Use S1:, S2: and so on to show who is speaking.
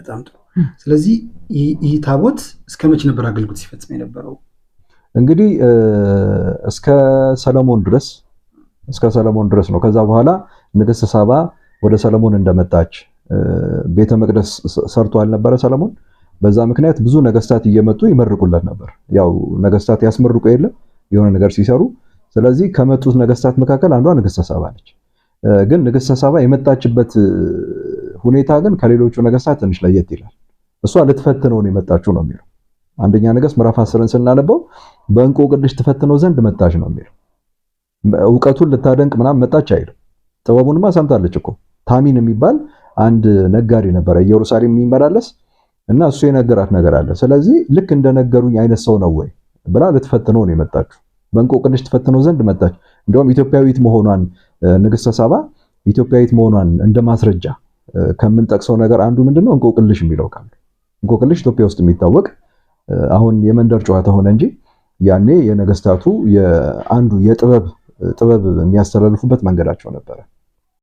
S1: በጣም ጥሩ። ስለዚህ ይህ ታቦት እስከ መቼ ነበር አገልግሎት ሲፈጽም የነበረው?
S2: እንግዲህ እስከ ሰለሞን ድረስ እስከ ሰለሞን ድረስ ነው። ከዛ በኋላ ንግስተ ሳባ ወደ ሰለሞን እንደመጣች ቤተ መቅደስ ሰርቶ አልነበረ ሰለሞን። በዛ ምክንያት ብዙ ነገስታት እየመጡ ይመርቁለት ነበር። ያው ነገስታት ያስመርቁ የለም የሆነ ነገር ሲሰሩ። ስለዚህ ከመጡት ነገስታት መካከል አንዷ ንግስተ ሳባ ነች። ግን ንግስተ ሳባ የመጣችበት ሁኔታ ግን ከሌሎቹ ነገስታት ትንሽ ለየት ይላል። እሷ ልትፈትነው ነው የመጣችው ነው የሚለው አንደኛ ነገስት ምዕራፍ አስርን ስናነበው ቅድስ ትፈትነው ዘንድ መጣች ነው የሚለው። እውቀቱን ልታደንቅ ምናምን መጣች አይልም። ጥበቡንማ ሰምታለች እኮ። ታሚን የሚባል አንድ ነጋዴ ነበረ ኢየሩሳሌም የሚመላለስ እና እሱ የነገራት ነገር አለ። ስለዚህ ልክ እንደነገሩኝ አይነት ሰው ነው ወይ ብላ ልትፈትነው ነው የመጣችው። በእንቆቅልሽ ትፈትነው ዘንድ መጣች። እንዲሁም ኢትዮጵያዊት መሆኗን ንግስተ ሳባ ኢትዮጵያዊት መሆኗን እንደ ማስረጃ ከምንጠቅሰው ነገር አንዱ ምንድነው እንቆቅልሽ የሚለው ቃል። እንቆቅልሽ ኢትዮጵያ ውስጥ የሚታወቅ አሁን የመንደር ጨዋታ ሆነ እንጂ ያኔ የነገስታቱ የአንዱ የጥበብ ጥበብ የሚያስተላልፉበት መንገዳቸው ነበረ።